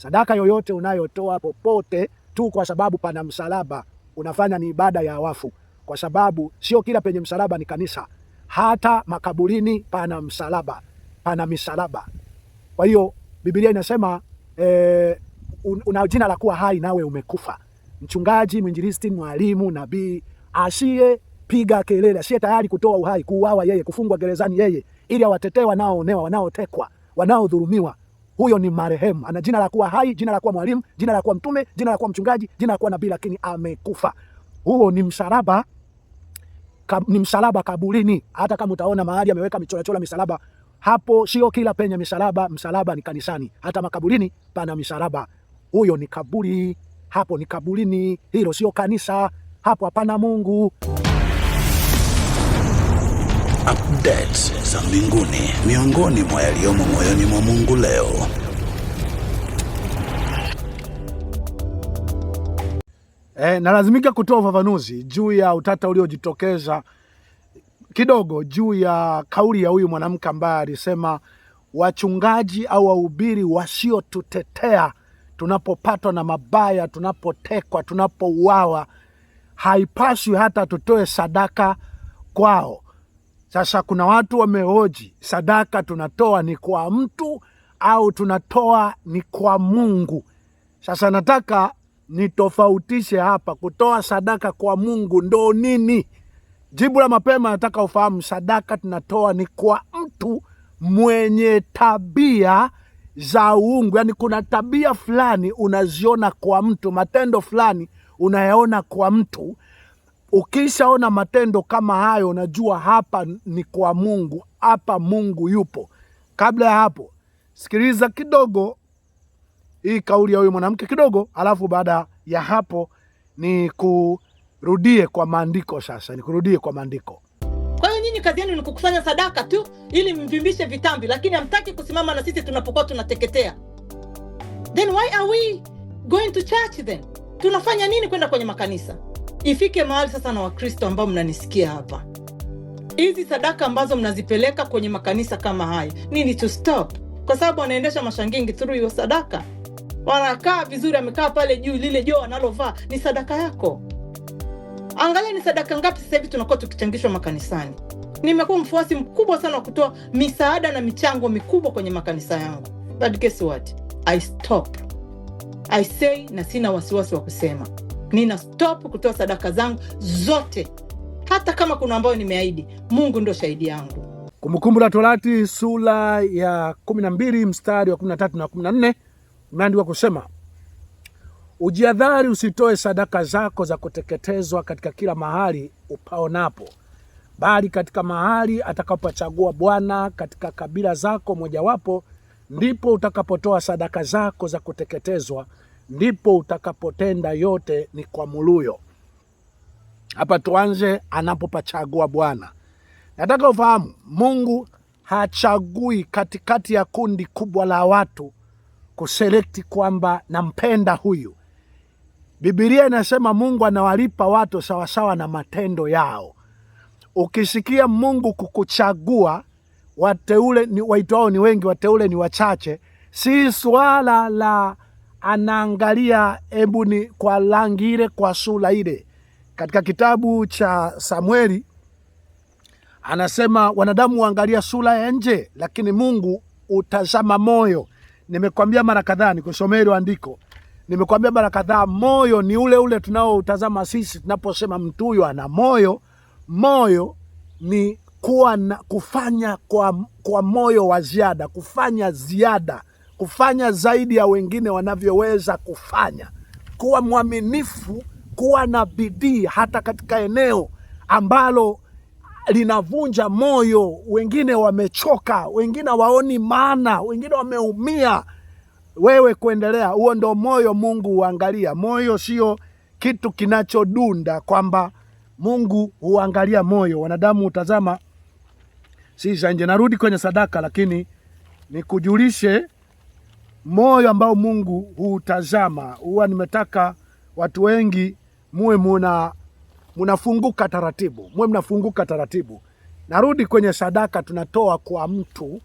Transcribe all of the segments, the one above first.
Sadaka yoyote unayotoa popote tu kwa sababu pana msalaba, unafanya ni ibada ya wafu, kwa sababu sio kila penye msalaba ni kanisa. Hata makaburini pana msalaba, pana misalaba. Kwa hiyo Biblia inasema e, una jina la kuwa hai nawe umekufa. Mchungaji, mwinjilisti, mwalimu, nabii piga kelele, asiye tayari kutoa uhai, kuuawa yeye, kufungwa gerezani yeye, ili awatetee wanaoonewa, wanaotekwa, wanaodhulumiwa huyo ni marehemu. Ana jina la kuwa hai, jina la kuwa mwalimu, jina la kuwa mtume, jina la kuwa mchungaji, jina la kuwa nabii, lakini amekufa. Huo ni msalaba, ni msalaba kaburini. Hata kama utaona mahali ameweka michorachora misalaba hapo, sio kila penye misalaba. Msalaba ni kanisani, hata makaburini pana misalaba. Huyo ni kaburi, hapo ni kaburini, hilo sio kanisa, hapo hapana Mungu. Updates za mbinguni, miongoni mwa yaliyomo moyoni mwa Mungu leo. E, nalazimika kutoa ufafanuzi juu ya utata uliojitokeza kidogo juu ya kauli ya huyu mwanamke ambaye alisema wachungaji au wahubiri wasiotutetea tunapopatwa na mabaya, tunapotekwa, tunapouawa, haipaswi hata tutoe sadaka kwao. Sasa kuna watu wamehoji, sadaka tunatoa ni kwa mtu au tunatoa ni kwa Mungu? Sasa nataka nitofautishe hapa, kutoa sadaka kwa Mungu ndo nini? Jibu la mapema nataka ufahamu, sadaka tunatoa ni kwa mtu mwenye tabia za uungu. Yaani kuna tabia fulani unaziona kwa mtu, matendo fulani unayaona kwa mtu. Ukishaona matendo kama hayo, unajua hapa ni kwa Mungu, hapa Mungu yupo. Kabla ya hapo, sikiliza kidogo hii kauli ya huyu mwanamke kidogo, alafu baada ya hapo ni kurudie kwa maandiko. Sasa ni kurudie kwa maandiko. Kwa hiyo nyinyi kazi yenu ni kukusanya sadaka tu ili mvimbishe vitambi, lakini hamtaki kusimama na sisi tunapokuwa tunateketea. Then why are we going to church then? Tunafanya nini kwenda kwenye makanisa? Ifike mahali sasa na Wakristo ambao mnanisikia hapa, hizi sadaka ambazo mnazipeleka kwenye makanisa kama hayo, nini to stop, kwa sababu wanaendesha mashangingi through hiyo sadaka wanakaa vizuri, amekaa pale juu, lile joo analovaa ni sadaka yako. Angalia ni sadaka ngapi sasa hivi tunakuwa tukichangishwa makanisani. Nimekuwa mfuasi mkubwa sana wa kutoa misaada na michango mikubwa kwenye makanisa yangu, but guess what, I stop I say, na sina wasiwasi wa kusema nina stop kutoa sadaka zangu zote, hata kama kuna ambayo nimeahidi. Mungu ndio shahidi yangu. Kumbukumbu la Torati sura ya 12 mstari wa 13 na 14. Imeandikwa kusema ujiadhari, usitoe sadaka zako za kuteketezwa katika kila mahali upaonapo, bali katika mahali atakapachagua Bwana katika kabila zako mojawapo, ndipo utakapotoa sadaka zako za kuteketezwa, ndipo utakapotenda yote ni muluyo. Hapa tuanze anapopachagua Bwana. Nataka ufahamu Mungu hachagui katikati ya kundi kubwa la watu kuselekti kwamba nampenda huyu. Bibilia inasema Mungu anawalipa watu sawasawa na matendo yao. Ukisikia Mungu kukuchagua, wateule ni waitwao ni wengi, wateule ni wachache, si swala la anaangalia hebu ni kwa rangi ile, kwa sura ile. Katika kitabu cha Samueli anasema wanadamu huangalia sura ya nje, lakini Mungu utazama moyo. Nimekwambia mara kadhaa, nikusomea hilo andiko. Nimekwambia mara kadhaa, moyo ni ule ule tunaoutazama sisi tunaposema mtu huyo ana moyo. Moyo ni kuwa na, kufanya kwa, kwa moyo wa ziada, kufanya ziada, kufanya zaidi ya wengine wanavyoweza kufanya, kuwa mwaminifu, kuwa na bidii hata katika eneo ambalo linavunja moyo. Wengine wamechoka, wengine waoni maana, wengine wameumia wewe kuendelea. Huo ndo moyo Mungu huangalia. Moyo sio kitu kinachodunda, kwamba Mungu huangalia moyo. Wanadamu hutazama si za nje. Narudi kwenye sadaka, lakini nikujulishe moyo ambao Mungu huutazama. Huwa nimetaka watu wengi muwe muna mnafunguka taratibu, mwe mnafunguka taratibu. Narudi kwenye sadaka tunatoa kwa mtu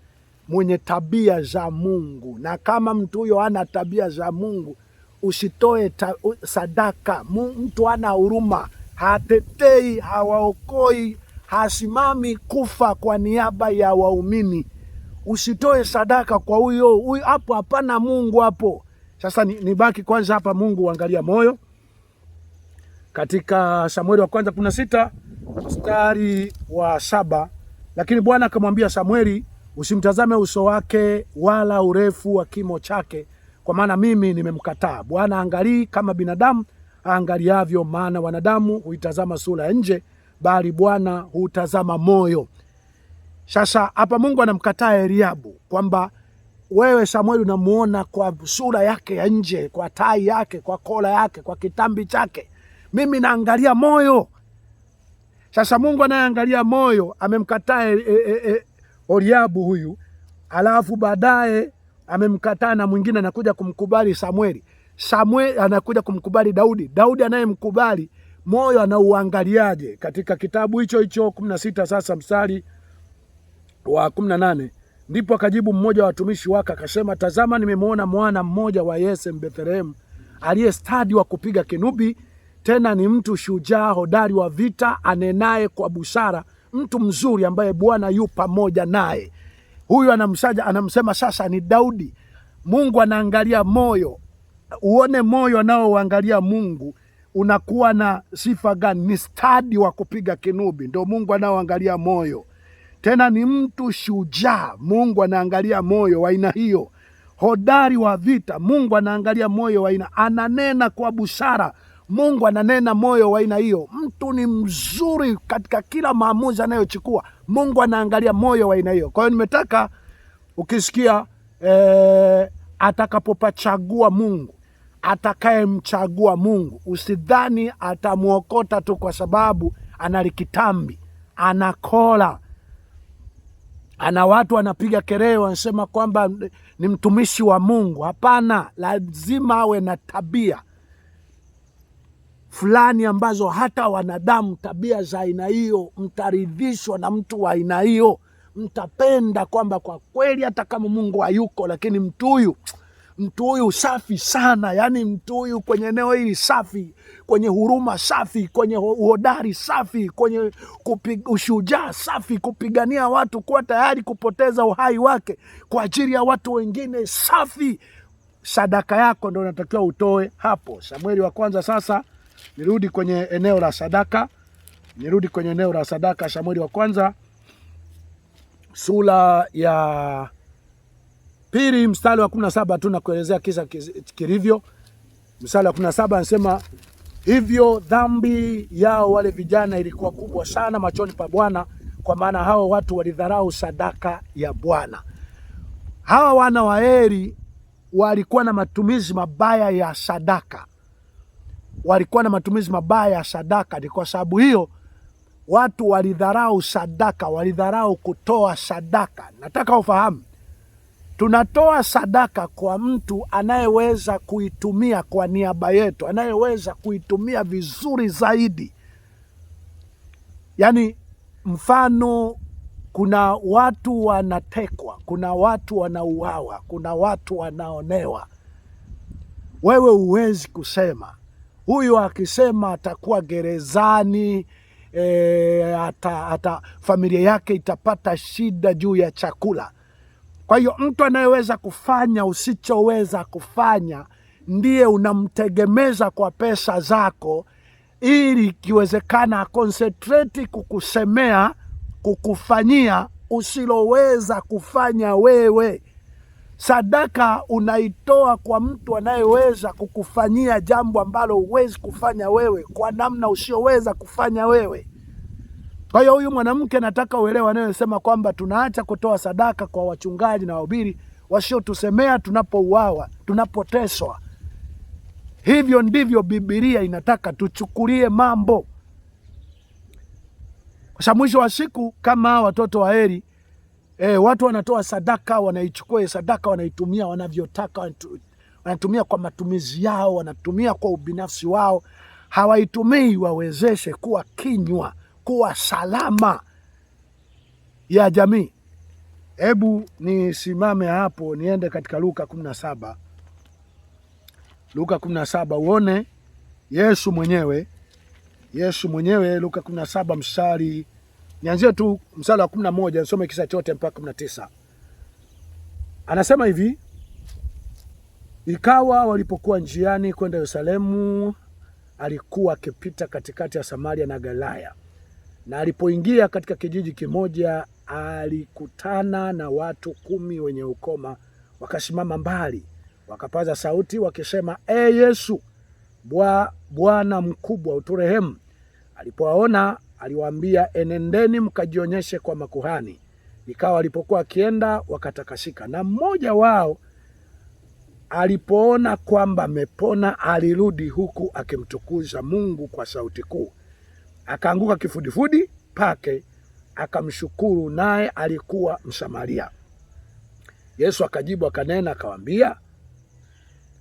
mwenye tabia za Mungu, na kama mtu huyo ana tabia za Mungu usitoe ta, sadaka. Mtu ana huruma, hatetei, hawaokoi, hasimami kufa kwa niaba ya waumini. Usitoe sadaka kwa huyo huyo, hapo hapana Mungu hapo. Sasa nibaki ni kwanza hapa, Mungu uangalia moyo katika Samueli wa kwanza kumi na sita mstari wa saba lakini Bwana akamwambia Samueli, usimtazame uso wake wala urefu wa kimo chake, kwa maana mimi nimemkataa. Bwana angalii kama binadamu aangaliavyo, maana wanadamu huitazama sura ya nje, bali Bwana hutazama moyo. Sasa hapa Mungu anamkataa Eliabu kwamba wewe Samueli unamuona kwa sura yake ya nje, kwa tai yake, kwa kola yake, kwa kitambi chake mimi naangalia moyo. Sasa Mungu anayeangalia moyo amemkataa e, eh, e, eh, e, eh, Oliabu huyu, alafu baadaye amemkataa na mwingine anakuja kumkubali Samueli. Samueli anakuja kumkubali Daudi. Daudi anayemkubali moyo anauangaliaje? Katika kitabu hicho hicho kumi na sita sasa mstari wa kumi na nane ndipo akajibu mmoja wa watumishi wake akasema, tazama, nimemwona mwana mmoja wa Yese Mbethlehemu stadi wa kupiga kinubi tena ni mtu shujaa hodari wa vita, anenaye kwa busara, mtu mzuri ambaye Bwana yu pamoja naye. Huyu anamsaja, anamsema sasa ni Daudi. Mungu anaangalia moyo, uone moyo anaoangalia Mungu unakuwa na sifa gani? Ni stadi wa kupiga kinubi, ndio Mungu anaoangalia moyo. Tena ni mtu shujaa, Mungu anaangalia moyo wa aina hiyo. Hodari wa vita, Mungu anaangalia moyo wa aina, ananena kwa busara Mungu ananena moyo wa aina hiyo. Mtu ni mzuri katika kila maamuzi anayochukua, Mungu anaangalia moyo wa aina hiyo. Kwa hiyo nimetaka ukisikia e, atakapopachagua Mungu, atakayemchagua Mungu, usidhani atamwokota tu kwa sababu analikitambi, anakola ana watu wanapiga kelele, wanasema kwamba ni mtumishi wa Mungu. Hapana, lazima awe na tabia fulani ambazo hata wanadamu tabia za aina hiyo, mtaridhishwa na mtu wa aina hiyo, mtapenda kwamba kwa kweli hata kama Mungu hayuko, lakini mtu huyu mtu huyu safi sana, yaani mtu huyu kwenye eneo hili safi, kwenye huruma safi, kwenye uhodari safi, kwenye ushujaa safi, kupigania watu, kuwa tayari kupoteza uhai wake kwa ajili ya watu wengine safi. Sadaka yako ndo unatakiwa utoe hapo. Samueli wa kwanza sasa Nirudi kwenye eneo la sadaka, nirudi kwenye eneo la sadaka, Samueli wa kwanza sura ya pili mstari wa kumi na saba tu nakuelezea kisa kilivyo. Mstari wa kumi na saba anasema hivyo dhambi yao wale vijana ilikuwa kubwa sana machoni pa Bwana, kwa maana hao watu walidharau sadaka ya Bwana. Hawa wana wa Eli walikuwa na matumizi mabaya ya sadaka walikuwa na matumizi mabaya ya sadaka. Ni kwa sababu hiyo watu walidharau sadaka, walidharau kutoa sadaka. Nataka ufahamu, tunatoa sadaka kwa mtu anayeweza kuitumia kwa niaba yetu, anayeweza kuitumia vizuri zaidi. Yaani mfano, kuna watu wanatekwa, kuna watu wanauawa, kuna watu wanaonewa, wewe huwezi kusema huyu akisema atakuwa gerezani e, ata, ata, familia yake itapata shida juu ya chakula. Kwa hiyo mtu anayeweza kufanya usichoweza kufanya ndiye unamtegemeza kwa pesa zako, ili ikiwezekana akonsentreti kukusemea, kukufanyia usiloweza kufanya wewe. Sadaka unaitoa kwa mtu anayeweza kukufanyia jambo ambalo huwezi kufanya wewe, kwa namna usioweza kufanya wewe. Kwa hiyo huyu mwanamke anataka uelewa anayosema kwamba tunaacha kutoa sadaka kwa wachungaji na wahubiri wasiotusemea tunapouawa, tunapoteswa. Hivyo ndivyo Bibilia inataka tuchukulie mambo, kwa sababu mwisho wa siku kama watoto wa heri E, watu wanatoa sadaka, wanaichukua sadaka, wanaitumia wanavyotaka, wanatumia kwa matumizi yao, wanatumia kwa ubinafsi wao, hawaitumii wawezeshe kuwa kinywa, kuwa salama ya jamii. Hebu nisimame hapo niende katika Luka kumi na saba Luka kumi na saba uone Yesu mwenyewe Yesu mwenyewe Luka kumi na saba mstari nianzie tu msala wa kumi na moja nisome kisa chote mpaka kumi na tisa anasema hivi ikawa walipokuwa njiani kwenda Yerusalemu, alikuwa akipita katikati ya Samaria na Galilaya. Na alipoingia katika kijiji kimoja, alikutana na watu kumi wenye ukoma, wakasimama mbali, wakapaza sauti wakisema, E Yesu, Bwana mkubwa, uturehemu. Alipowaona aliwaambia, enendeni mkajionyeshe kwa makuhani. Ikawa alipokuwa akienda wakatakasika, na mmoja wao alipoona kwamba amepona alirudi huku akimtukuza Mungu kwa sauti kuu, akaanguka kifudifudi pake akamshukuru, naye alikuwa Msamaria. Yesu akajibu akanena akawambia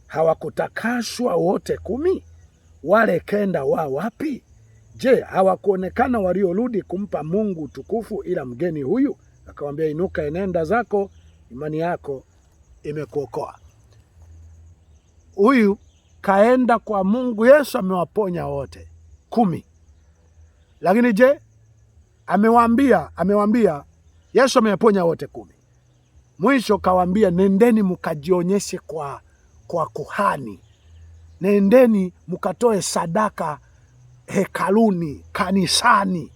hawakutakaswa wote kumi? Wale kenda wao wapi? Je, hawakuonekana waliorudi kumpa Mungu utukufu ila mgeni huyu? Akamwambia, inuka, enenda zako, imani yako imekuokoa. Huyu kaenda kwa Mungu. Yesu amewaponya wote kumi, lakini je, amewambia amewambia Yesu amewaponya wote kumi. Mwisho kawambia nendeni mkajionyeshe kwa, kwa kuhani, nendeni mkatoe sadaka hekaluni, kanisani.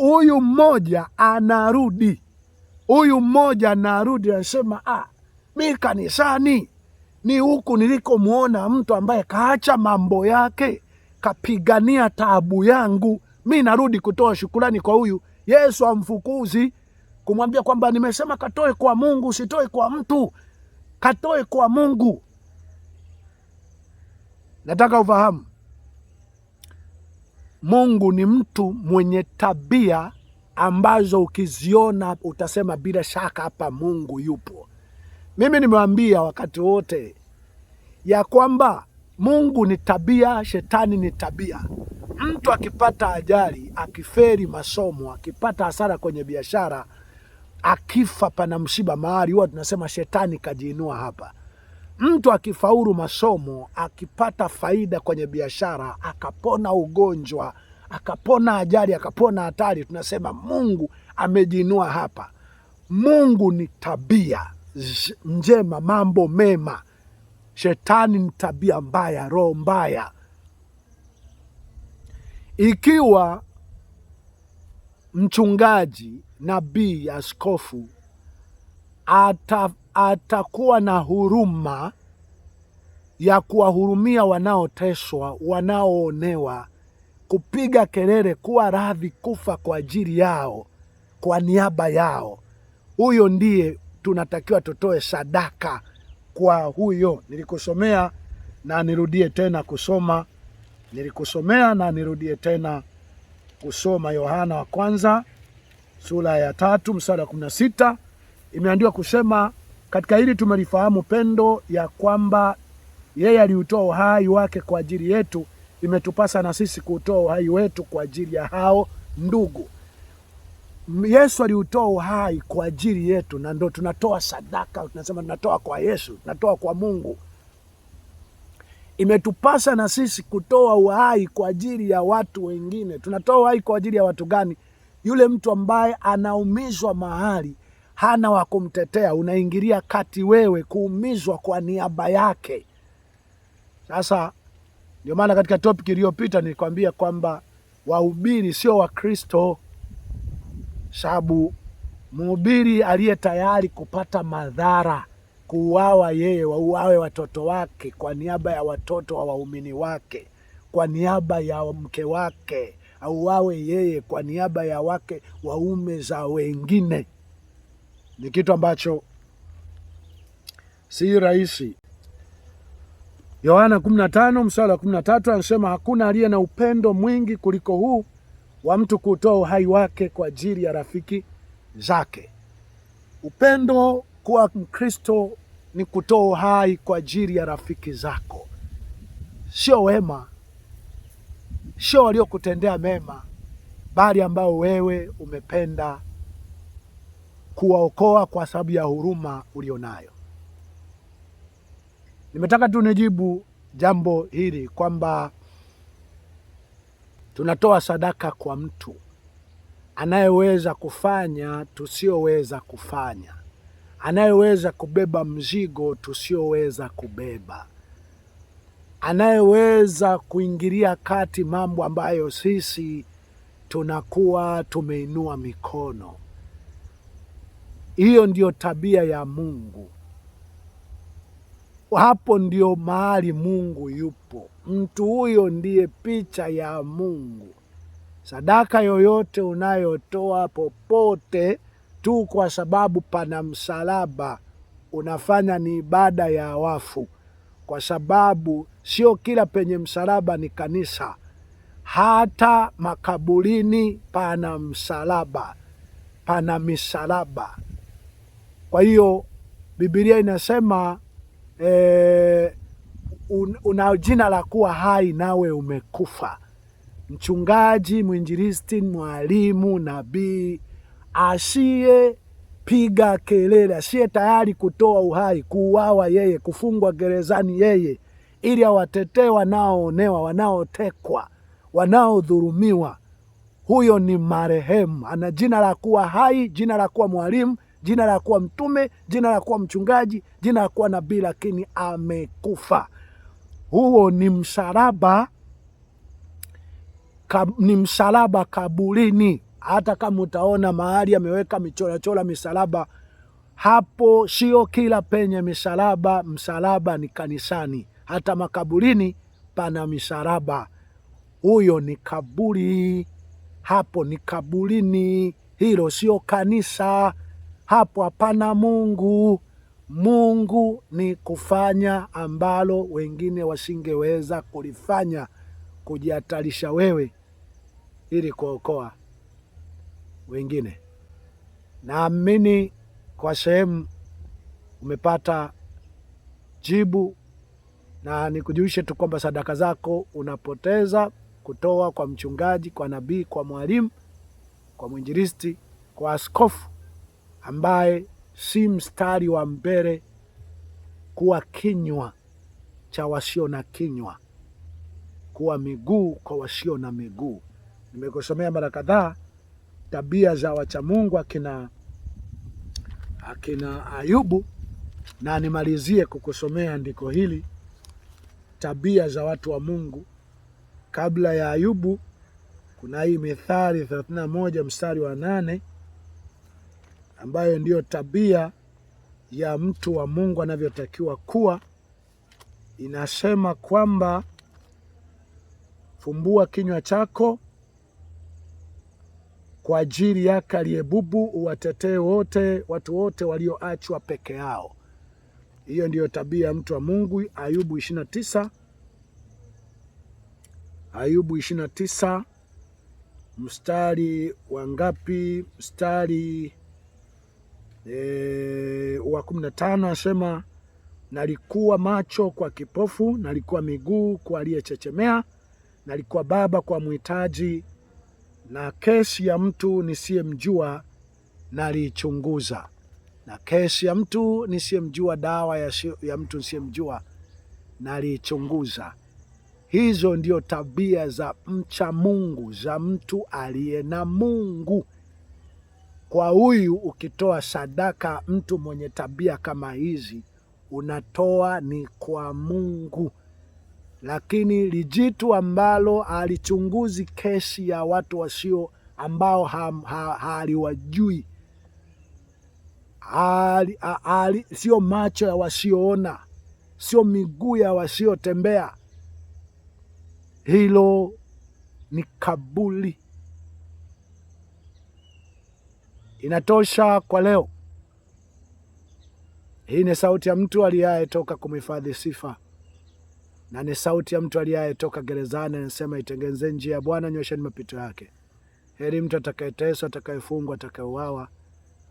Huyu mmoja anarudi, huyu mmoja anarudi, anasema ah, mi kanisani ni huku nilikomwona mtu ambaye kaacha mambo yake kapigania taabu yangu. Mi narudi kutoa shukurani kwa huyu. Yesu amfukuzi kumwambia kwamba nimesema katoe kwa Mungu, sitoe kwa mtu, katoe kwa Mungu. Nataka ufahamu Mungu ni mtu mwenye tabia ambazo ukiziona utasema bila shaka hapa Mungu yupo. Mimi nimewambia wakati wote ya kwamba Mungu ni tabia, shetani ni tabia. Mtu akipata ajali, akiferi masomo, akipata hasara kwenye biashara, akifa pana msiba mahali, huwa tunasema shetani kajiinua hapa. Mtu akifaulu masomo, akipata faida kwenye biashara, akapona ugonjwa, akapona ajali, akapona hatari, tunasema Mungu amejiinua hapa. Mungu ni tabia njema, mambo mema. Shetani ni tabia mbaya, roho mbaya. Ikiwa mchungaji, nabii, askofu ata atakuwa na huruma ya kuwahurumia wanaoteswa, wanaoonewa, kupiga kelele, kuwa radhi kufa kwa ajili yao, kwa niaba yao. Huyo ndiye tunatakiwa tutoe sadaka kwa huyo. Nilikusomea na nirudie tena kusoma, nilikusomea na nirudie tena kusoma Yohana wa kwanza sura ya tatu mstari wa kumi na sita imeandikwa kusema katika hili tumelifahamu pendo ya kwamba yeye aliutoa uhai wake kwa ajili yetu, imetupasa na sisi kuutoa uhai wetu kwa ajili ya hao ndugu. Yesu aliutoa uhai kwa ajili yetu, na ndo tunatoa sadaka, tunasema tunatoa kwa Yesu, tunatoa kwa Mungu. Imetupasa na sisi kutoa uhai kwa ajili ya watu wengine. Tunatoa uhai kwa ajili ya watu gani? Yule mtu ambaye anaumizwa mahali hana wa kumtetea, unaingilia kati wewe kuumizwa kwa niaba yake. Sasa ndio maana katika topic iliyopita nilikwambia kwamba wahubiri sio Wakristo, sababu mhubiri aliye tayari kupata madhara, kuuawa yeye, wauawe watoto wake kwa niaba ya watoto wa waumini wake, kwa niaba ya mke wake, auawe yeye kwa niaba ya wake waume za wengine ni kitu ambacho si rahisi. Yohana 15 mstari wa kumi anasema hakuna aliye na upendo mwingi kuliko huu wa mtu kutoa uhai wake kwa ajili ya rafiki zake. Upendo kuwa Mkristo ni kutoa uhai kwa ajili ya rafiki zako, sio wema, sio waliokutendea mema, bali ambao wewe umependa kuwaokoa kwa sababu ya huruma ulionayo. Nimetaka tu nijibu jambo hili kwamba tunatoa sadaka kwa mtu anayeweza kufanya tusioweza kufanya, anayeweza kubeba mzigo tusioweza kubeba, anayeweza kuingilia kati mambo ambayo sisi tunakuwa tumeinua mikono. Hiyo ndiyo tabia ya Mungu. Hapo ndio mahali Mungu yupo. Mtu huyo ndiye picha ya Mungu. Sadaka yoyote unayotoa popote tu, kwa sababu pana msalaba, unafanya ni ibada ya wafu, kwa sababu sio kila penye msalaba ni kanisa. Hata makaburini pana msalaba, pana misalaba. Kwa hiyo Biblia inasema e, un, una jina la kuwa hai nawe umekufa. Mchungaji, mwinjilisti, mwalimu, nabii asiye piga kelele, asiye tayari kutoa uhai, kuuawa yeye, kufungwa gerezani yeye, ili awatetee wanaoonewa, wanaotekwa, wanaodhurumiwa, huyo ni marehemu. Ana jina la kuwa hai, jina la kuwa mwalimu, jina la kuwa mtume, jina la kuwa mchungaji, jina la kuwa nabii, lakini amekufa. Huo ni msalaba ka, ni msalaba kaburini. Hata kama utaona mahali ameweka michorachora misalaba hapo, sio kila penye misalaba. Msalaba ni kanisani, hata makaburini pana misalaba. Huyo ni kaburi, hapo ni kaburini, hilo sio kanisa hapo hapana Mungu. Mungu ni kufanya ambalo wengine wasingeweza kulifanya, kujihatarisha wewe ili kuokoa wengine. Naamini kwa sehemu umepata jibu, na nikujulishe tu kwamba sadaka zako unapoteza kutoa kwa mchungaji, kwa nabii, kwa mwalimu, kwa mwinjilisti, kwa askofu ambaye si mstari wa mbele kuwa kinywa cha wasio na kinywa, kuwa miguu kwa wasio na miguu. Nimekusomea mara kadhaa tabia za Mungu akina akina Ayubu, na nimalizie kukusomea andiko hili, tabia za watu wa Mungu. Kabla ya Ayubu kuna hii Mithali 31 mstari wa nane ambayo ndiyo tabia ya mtu wa Mungu anavyotakiwa kuwa, inasema kwamba fumbua kinywa chako kwa ajili yake aliye bubu, uwatetee wote watu wote walioachwa peke yao. Hiyo ndiyo tabia ya mtu wa Mungu. Ayubu 29 Ayubu 29 mstari wa ngapi? Mstari e, wa kumi na tano asema nalikuwa macho kwa kipofu, nalikuwa miguu kwa aliyechechemea, nalikuwa baba kwa mhitaji, na kesi ya mtu nisiyemjua naliichunguza, na kesi ya mtu nisiyemjua, dawa ya, ya mtu nisiyemjua naliichunguza. Hizo ndio tabia za mcha Mungu, za mtu aliye na Mungu. Kwa huyu ukitoa sadaka, mtu mwenye tabia kama hizi, unatoa ni kwa Mungu. Lakini lijitu ambalo halichunguzi kesi ya watu wasio ambao haliwajui ha, ha, ha, sio macho ya wasioona, sio miguu ya wasiotembea, hilo ni kabuli. Inatosha kwa leo. Hii ni sauti ya mtu aliyetoka kumhifadhi sifa, na ni sauti ya mtu aliyetoka gerezani. Anasema, itengenezeni njia ya Bwana, nyosheni mapito yake. Heri mtu atakayeteswa, atakayefungwa, atakayeuawa,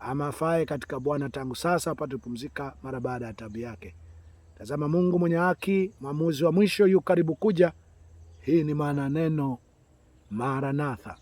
ama afae katika Bwana, tangu sasa apate kupumzika mara baada ya tabu yake. Tazama, Mungu mwenye haki, mwamuzi wa mwisho, yu karibu kuja. Hii ni maana neno Maranatha.